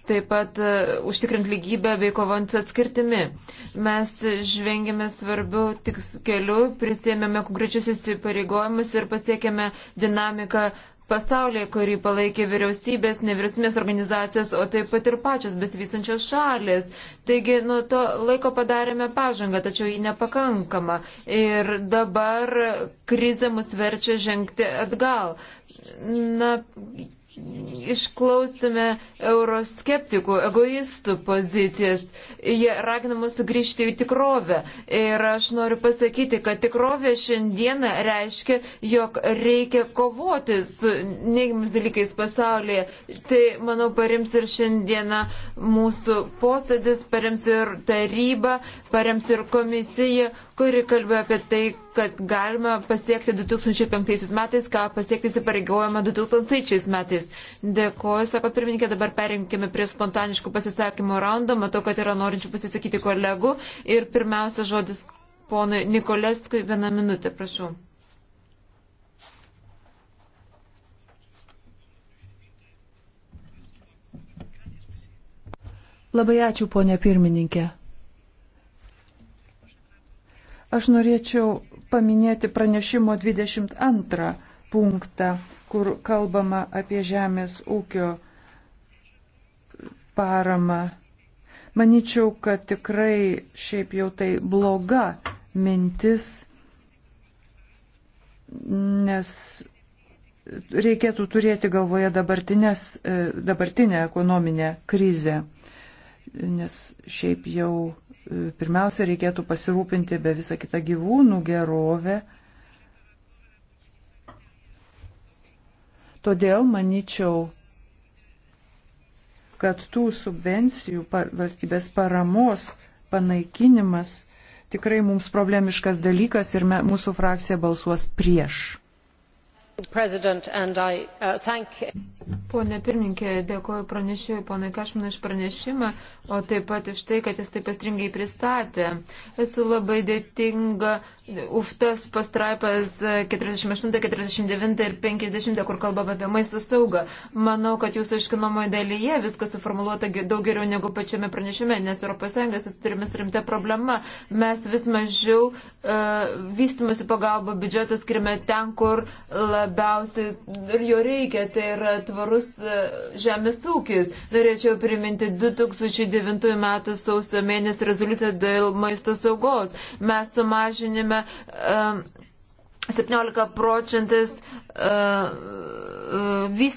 Taip pat uh, užtikrint lygybę bei kovant su atskirtimi. Mes žvengėme svarbių tiks kelių, prisėmėme konkrečius įsipareigojimus ir pasiekėme dinamiką uh, pasaulyje, kurį palaikė vyriausybės, nevyriausybės organizacijos, o taip pat ir pačios besivysančios šalis. Taigi nuo to laiko padarėme pažangą, tačiau ji nepakankama. Ir dabar krize mus verčia žengti atgal. Na, išklausime euroskeptikų, egoistų pozicijas. Jie ragina mus sugrįžti į tikrovę. Ir aš noriu pasakyti, kad tikrovė šiandieną reiškia, jog reikia kovoti su neigiamis dalykais pasaulyje. Tai, manau, parims ir šiandieną mūsų posėdis, parims ir taryba, parims ir komisija, kuri kalbėjo apie tai, kad galima pasiekti 2005 metais, ką pasiekti įsipareigojama 2000 metais. Dėkoju, sako pirmininkė, dabar perinkime prie spontaniškų pasisakymų raundo. Matau, kad yra norinčių pasisakyti kolegų. Ir pirmiausia žodis ponui Nikoleskui vieną minutę, prašau.
Labai ačiū, ponė pirmininkė. Aš norėčiau paminėti pranešimo 22 punktą, kur kalbama apie žemės ūkio paramą. Maničiau, kad tikrai šiaip jau tai bloga mintis, nes reikėtų turėti galvoje e, dabartinę ekonominę krizę, nes šiaip jau pirmiausia reikėtų pasirūpinti be visą kitą gyvūnų gerovę. Todėl manyčiau, kad tų subvencijų valstybės paramos panaikinimas tikrai mums problemiškas dalykas ir me, mūsų frakcija balsuos prieš.
President, and I uh, thank Pone pirmininkė, dėkoju pranešėjui ponui Kašmanui iš pranešimą, o taip pat iš tai, kad jis taip pastringai pristatė. Esu labai dėtinga už tas pastraipas 48, 49 ir 50, kur kalbame apie maisto saugą. Manau, kad jūsų iškinomoje dalyje viskas suformuoluota daug geriau negu pačiame pranešime, nes ES susiturime su rimta problema. Mes vis mažiau uh, e, vystimasi pagalbą biudžetą skirime ten, kur labiausiai jo reikia. Tai yra tvar tvarus e, žemės ūkis. Norėčiau priminti 2009 m. sausio mėnesį rezoliuciją dėl maisto saugos. Mes sumažinime um, e, 17 procentais uh, e, vis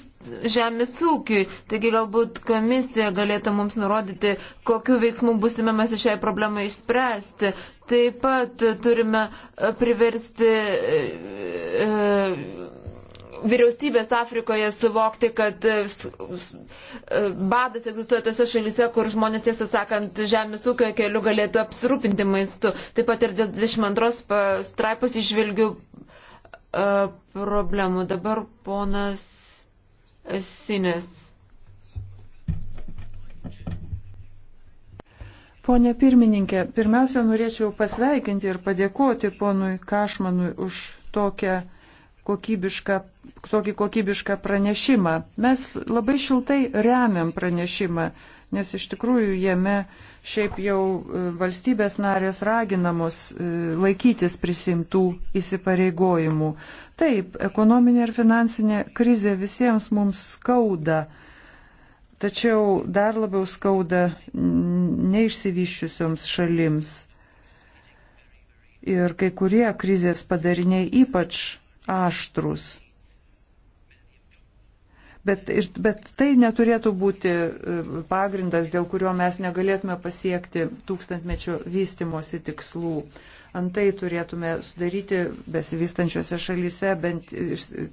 žemės ūkiui. Taigi galbūt komisija galėtų mums nurodyti, kokiu veiksmu busime mes šiai problemai išspręsti. Taip pat turime priversti uh, vyriausybės Afrikoje suvokti, kad e, e, badas egzistuoja tose šalyse, kur žmonės, tiesą sakant, žemės ūkio keliu galėtų apsirūpinti maistu. Taip pat ir dėl 22 straipos išvilgių e, problemų. Dabar ponas Sinės.
Pone pirmininkė, pirmiausia, norėčiau pasveikinti ir padėkoti ponui Kašmanui už tokią kokybišką, tokį kokybišką pranešimą. Mes labai šiltai remiam pranešimą, nes iš tikrųjų jame šiaip jau e, valstybės narės raginamos e, laikytis prisimtų įsipareigojimų. Taip, ekonominė ir finansinė krizė visiems mums skauda. Tačiau dar labiau skauda neišsivyščiusioms šalims. Ir kai kurie krizės padariniai ypač aštrus. Bet, ir, bet tai neturėtų būti e, pagrindas, dėl kurio mes negalėtume pasiekti tūkstantmečio vystimosi tikslų. Antai turėtume sudaryti besivystančiose šalyse, bent,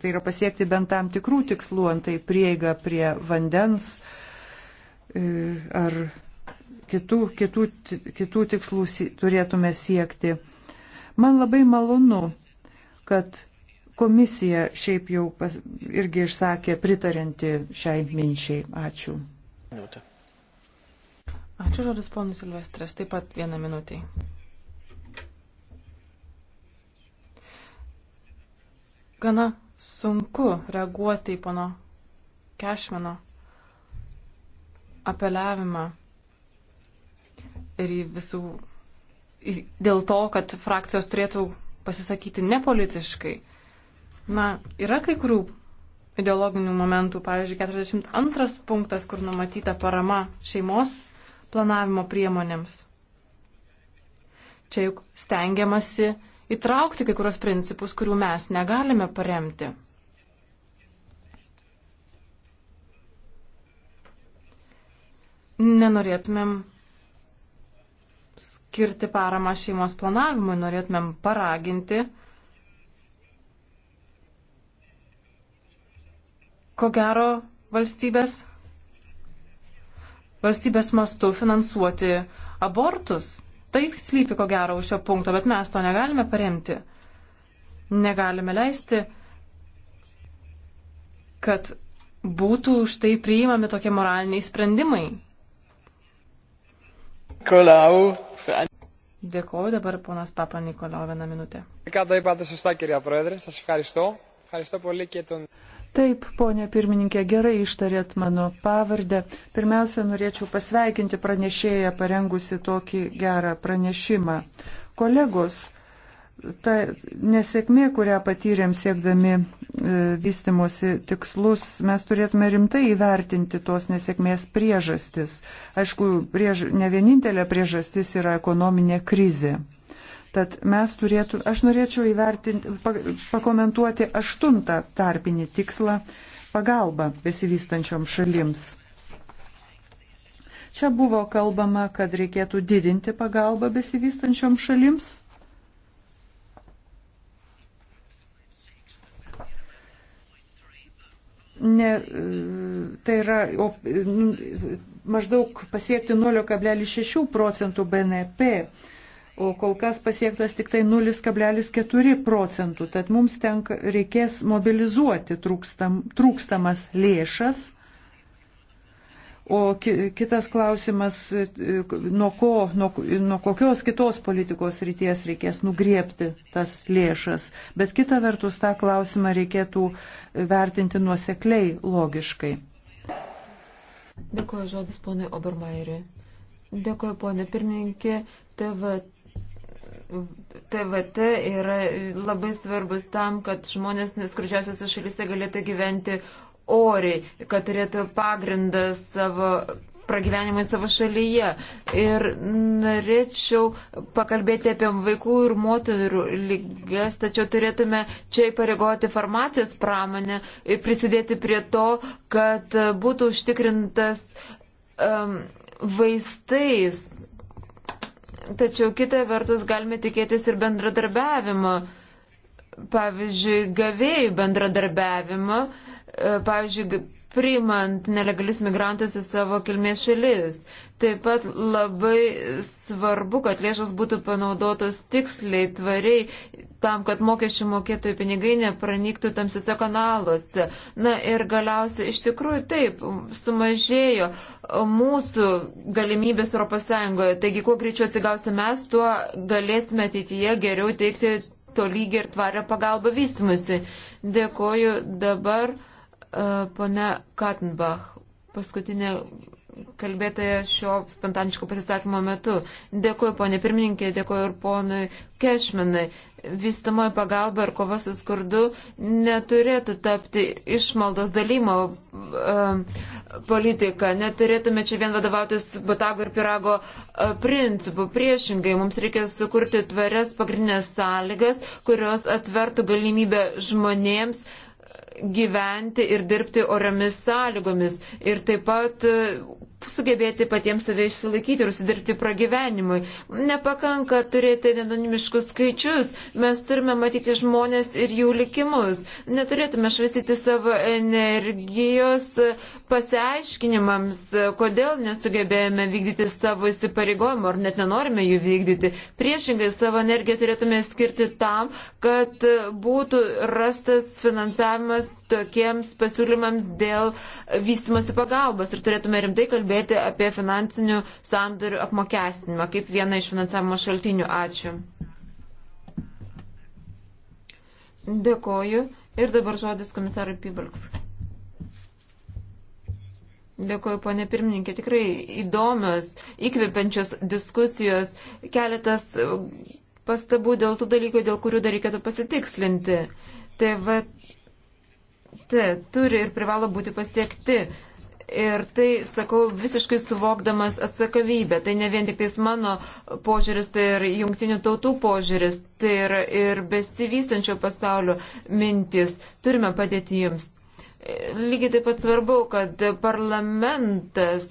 tai yra pasiekti bent tam tikrų tikslų, antai prieiga prie vandens e, ar kitų, kitų, kitų tikslų turėtume siekti. Man labai malonu, kad Komisija šiaip jau pas, irgi išsakė pritarinti šiai minčiai. Ačiū. Minutė.
Ačiū žodis ponus Silvestras, taip pat vieną minutį. Gana sunku reaguoti į pono Kešmeno apeliavimą ir į visų dėl to, kad frakcijos turėtų pasisakyti nepolitiškai. Na, yra kai kurių ideologinių momentų, pavyzdžiui, 42 punktas, kur numatyta parama šeimos planavimo priemonėms. Čia juk stengiamasi įtraukti kai kurios principus, kurių mes negalime paremti. Nenorėtumėm skirti paramą šeimos planavimui, norėtumėm paraginti ko gero valstybės, valstybės mastu finansuoti abortus. Tai slypi ko gero už šio punkto, bet mes to negalime paremti. Negalime leisti, kad būtų už tai priimami tokie moraliniai sprendimai.
Kolau.
Dėkuoju dabar
ponas Papa Nikolau vieną minutę. Ką tai patys sustakė, Proedrė, aš ευχαριστώ. Ευχαριστώ πολύ και τον. Taip, ponė pirmininkė, gerai ištarėt mano pavardę. Pirmiausia, norėčiau pasveikinti pranešėją parengusi tokį gerą pranešimą. Kolegos, ta nesėkmė, kurią patyrėm siekdami e, vystimosi tikslus, mes turėtume rimtai įvertinti tos nesėkmės priežastis. Aišku, priež, ne vienintelė priežastis yra ekonominė krizė. Tad mes turėtų, aš norėčiau įvertinti, pakomentuoti aštuntą tarpinį tikslą pagalba besivystančiom šalims. Čia buvo kalbama, kad reikėtų didinti pagalbą besivystančiom šalims. Ne, tai yra o, maždaug pasiekti 0,6 procentų BNP o kol kas pasiektas tik tai 0,4 procentų, tad mums tenka, reikės mobilizuoti trūkstam, trūkstamas lėšas. O kitas klausimas, nuo, ko, nuo, nuo kokios kitos politikos ryties reikės nugriepti tas lėšas. Bet kita vertus, tą klausimą reikėtų vertinti nuosekliai, logiškai.
Dėkuoju žodis ponui Obermairiui. Dėkuoju, ponė pirmininkė. TV TVT yra labai svarbus tam, kad žmonės skurdžiausiose šalyse galėtų gyventi oriai, kad turėtų pagrindą savo pragyvenimai savo šalyje. Ir norėčiau pakalbėti apie vaikų ir moterų lygas, tačiau turėtume čia įpareigoti farmacijos pramonę ir prisidėti prie to, kad būtų užtikrintas um, vaistais tačiau kitą vertus galime tikėtis ir bendradarbiavimo. Pavyzdžiui, gavėjų bendradarbiavimo, e, pavyzdžiui, primant nelegalius migrantus į savo kilmės šalis. Taip pat labai svarbu, kad lėšos būtų panaudotos tiksliai, tvariai, tam, kad mokesčių mokėtojų pinigai nepranyktų tamsiuose kanaluose. Na ir galiausiai iš tikrųjų taip sumažėjo mūsų galimybės ES. Taigi, kuo greičiau atsigausime mes, tuo galėsime ateityje geriau teikti tolygį ir tvarę pagalbą vystimusi. Dėkoju dabar. E, pone Katenbach, paskutinė kalbėtoja šio spontaniško pasisakymo metu. Dėkuoju, ponė pirmininkė, dėkuoju ir ponui Kešmenai. Vystamoji pagalba ir kova su skurdu neturėtų tapti išmaldos dalymo um, politika. Neturėtume čia vien vadovautis botago ir pirago uh, principu. Priešingai, mums reikia sukurti tvarias pagrindinės sąlygas, kurios atvertų galimybę žmonėms uh, gyventi ir dirbti oriomis sąlygomis ir taip pat sugebėti patiems save išsilaikyti ir užsidirbti pragyvenimui. Nepakanka turėti anonimiškus skaičius, mes turime matyti žmonės ir jų likimus. Neturėtume švaistyti savo energijos pasiaiškinimams, kodėl nesugebėjome vykdyti savo įsipareigojimų ar net nenorime jų vykdyti. Priešingai savo energiją turėtume skirti tam, kad būtų rastas finansavimas tokiems pasiūlymams dėl vystimosi pagalbos ir turėtume rimtai kalbėti kalbėti apie finansinių sandorių apmokestinimą kaip vieną iš finansavimo šaltinių. Ačiū. Dėkoju. Ir dabar žodis komisarui Pibalks. Dėkuoju, ponė pirmininkė. Tikrai įdomios, įkvepiančios diskusijos, keletas pastabų dėl tų dalykų, dėl kurių dar reikėtų pasitikslinti. TVT turi ir privalo būti pasiekti Ir tai sakau visiškai suvokdamas atsakomybę. Tai ne vien tik tais mano požiūris, tai ir jungtinių tautų požiūris, tai ir, ir besivystančio pasaulio mintis. Turime padėti jums. Lygiai taip pat svarbu, kad parlamentas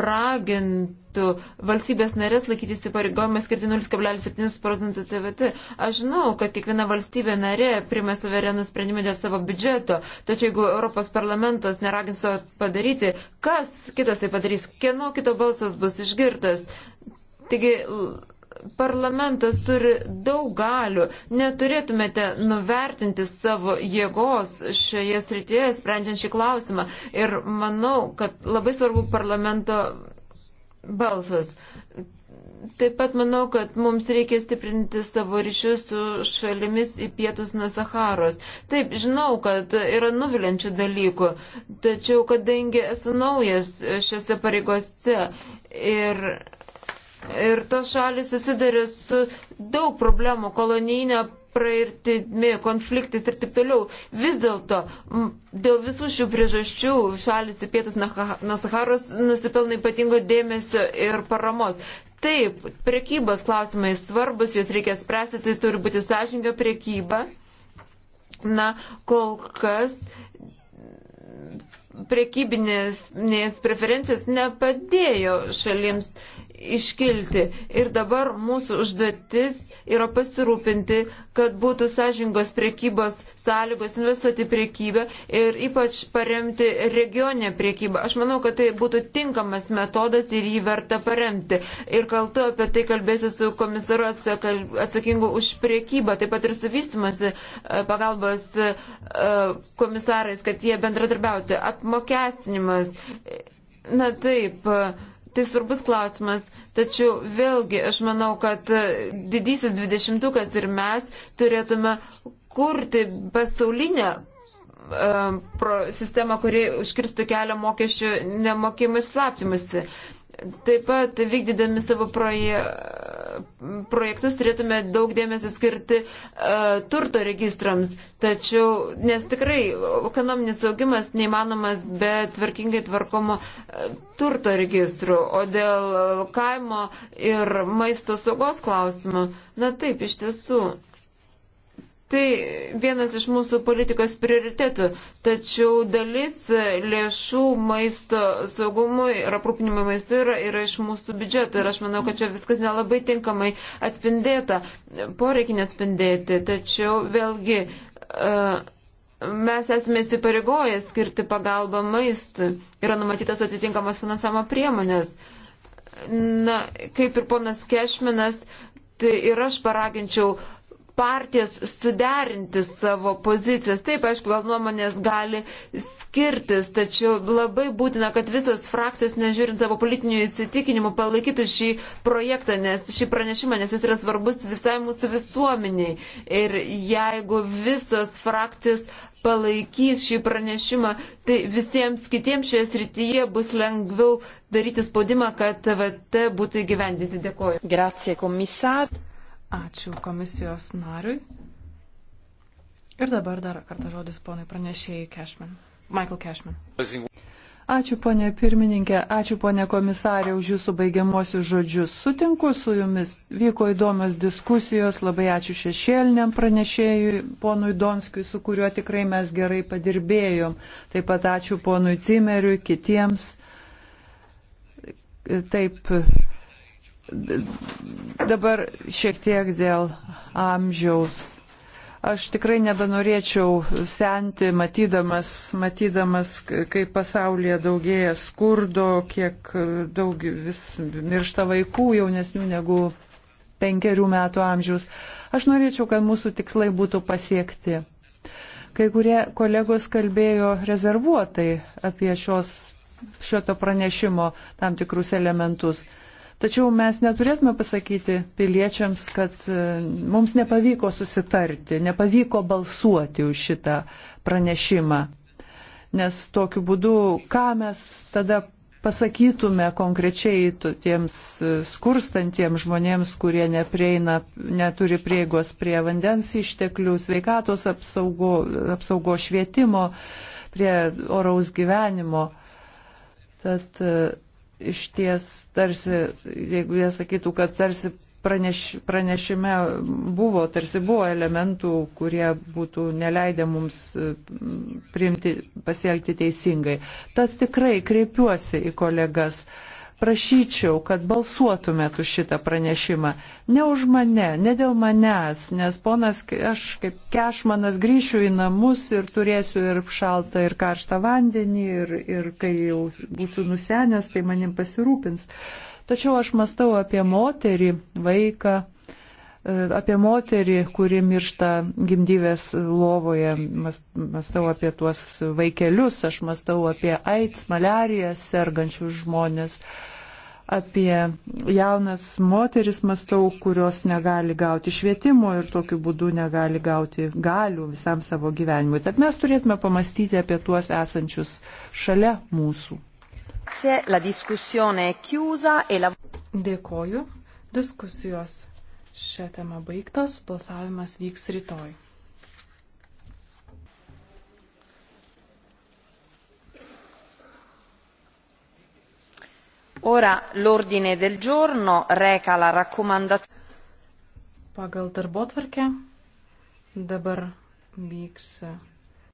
ragint ragintų valstybės narės laikytis įpareigojimą skirti 0,7 procentų TVT. Aš žinau, kad kiekviena valstybė narė prima suverenų sprendimą dėl savo biudžeto, tačiau jeigu Europos parlamentas neragins to padaryti, kas kitas tai padarys, kieno kito balsas bus išgirtas. Taigi, parlamentas turi daug galių. Neturėtumėte nuvertinti savo jėgos šioje srityje, sprendžiant šį klausimą. Ir manau, kad labai svarbu parlamento balsas. Taip pat manau, kad mums reikia stiprinti savo ryšius su šalimis į pietus nuo Saharos. Taip, žinau, kad yra nuvilinčių dalykų, tačiau kadangi esu naujas šiose pareigose ir, ir tos šalis susiduria su daug problemų kolonijinio prairtimi, konfliktais ir taip toliau. Vis dėlto, dėl visų šių priežasčių šalis į pietus nuo Saharos nusipelna ypatingo dėmesio ir paramos. Taip, prekybos klausimai svarbus, juos reikia spręsti, tai turi būti sąžininga prekyba. Na, kol kas prekybinės preferencijos nepadėjo šalims iškilti. Ir dabar mūsų užduotis yra pasirūpinti, kad būtų sąžingos priekybos sąlygos, investuoti priekybę ir ypač paremti regionę priekybą. Aš manau, kad tai būtų tinkamas metodas ir jį verta paremti. Ir kaltu apie tai kalbėsiu su komisaru atsakingu už priekybą, taip pat ir su vystimasi e, pagalbos e, komisarais, kad jie bendradarbiauti. Apmokestinimas. Na taip. Uh, tai svarbus klausimas, tačiau vėlgi aš manau, kad didysis dvidešimtukas ir mes turėtume kurti pasaulinę um, pro, sistemą, kuri užkirstų kelią mokesčių nemokymui slaptimasi. Taip pat vykdydami savo proje, projektus turėtume daug dėmesio skirti e, turto registrams, tačiau, nes tikrai ekonominis augimas neįmanomas be tvarkingai tvarkomo e, turto registrų, o dėl kaimo ir maisto saugos klausimų, na taip, iš tiesų tai vienas iš mūsų politikos prioritetų, tačiau dalis lėšų maisto saugumui ir aprūpinimui maistu yra, yra iš mūsų biudžeto ir aš manau, kad čia viskas nelabai tinkamai atspindėta, poreikinė atspindėti, tačiau vėlgi e, mes esame įsipareigoję skirti pagalbą maistui, yra numatytas atitinkamas finansavimo priemonės. Na, kaip ir ponas Kešminas, tai ir aš paraginčiau uh, partijas suderinti savo pozicijas. Taip, aišku, gal nuomonės gali skirtis, tačiau labai būtina, kad visas frakcijas, nežiūrint savo politinių įsitikinimų, palaikytų šį projektą, nes šį pranešimą, nes jis yra svarbus visai mūsų visuomeniai. Ir jeigu visos frakcijas palaikys šį pranešimą, tai visiems kitiems šioje srityje bus lengviau daryti spaudimą, kad TVT būtų įgyvendinti. Dėkoju. Grazie, komisar.
Ačiū komisijos nariui. Ir dabar dar kartą žodis ponui pranešėjai Cashman. Michael Cashman.
Ačiū ponė pirmininkė, ačiū ponė komisarė už jūsų baigiamuosius žodžius. Sutinku su jumis, vyko įdomios diskusijos, labai ačiū šešėliniam pranešėjui, ponui Donskui, su kuriuo tikrai mes gerai padirbėjom. Taip pat ačiū ponui Cimeriui, kitiems. Taip Dabar šiek tiek dėl amžiaus. Aš tikrai nebenorėčiau senti, matydamas, matydamas kaip pasaulyje daugėja skurdo, kiek daug vis miršta vaikų jaunesnių negu penkerių metų amžiaus. Aš norėčiau, kad mūsų tikslai būtų pasiekti. Kai kurie kolegos kalbėjo rezervuotai apie šios, šio to pranešimo tam tikrus elementus. Tačiau mes neturėtume pasakyti piliečiams, kad e, mums nepavyko susitarti, nepavyko balsuoti už šitą pranešimą. Nes tokiu būdu, ką mes tada pasakytume konkrečiai tiems e, skurstantiems žmonėms, kurie neprieina, neturi prieigos prie vandens išteklių, sveikatos apsaugo, apsaugo švietimo, prie oraus gyvenimo. Tad e, iš ties tarsi, jeigu jie sakytų, kad tarsi praneš, pranešime buvo, tarsi buvo elementų, kurie būtų neleidę mums e, priimti, pasielgti teisingai. Tad tikrai kreipiuosi į kolegas prašyčiau, kad balsuotumėt už šitą pranešimą. Ne už mane, ne dėl manęs, nes ponas, aš kaip kešmanas grįšiu į namus ir turėsiu ir šaltą, ir karštą vandenį, ir, ir kai jau būsiu nusenęs, tai manim pasirūpins. Tačiau aš mastau apie moterį, vaiką, apie moterį, kuri miršta gimdyvės lovoje, mąstau apie tuos vaikelius, aš mąstau apie AIDS, malariją sergančius žmonės, apie jaunas moteris mąstau, kurios negali gauti švietimo ir tokiu būdu negali gauti galių visam savo gyvenimui. Tad mes turėtume pamastyti apie tuos esančius šalia mūsų.
E Dėkoju. Diskusijos Šią temą baigtas, balsavimas vyks rytoj. Ora l'ordine del giorno reca la raccomandazione. Pagal darbotvarkę dabar vyks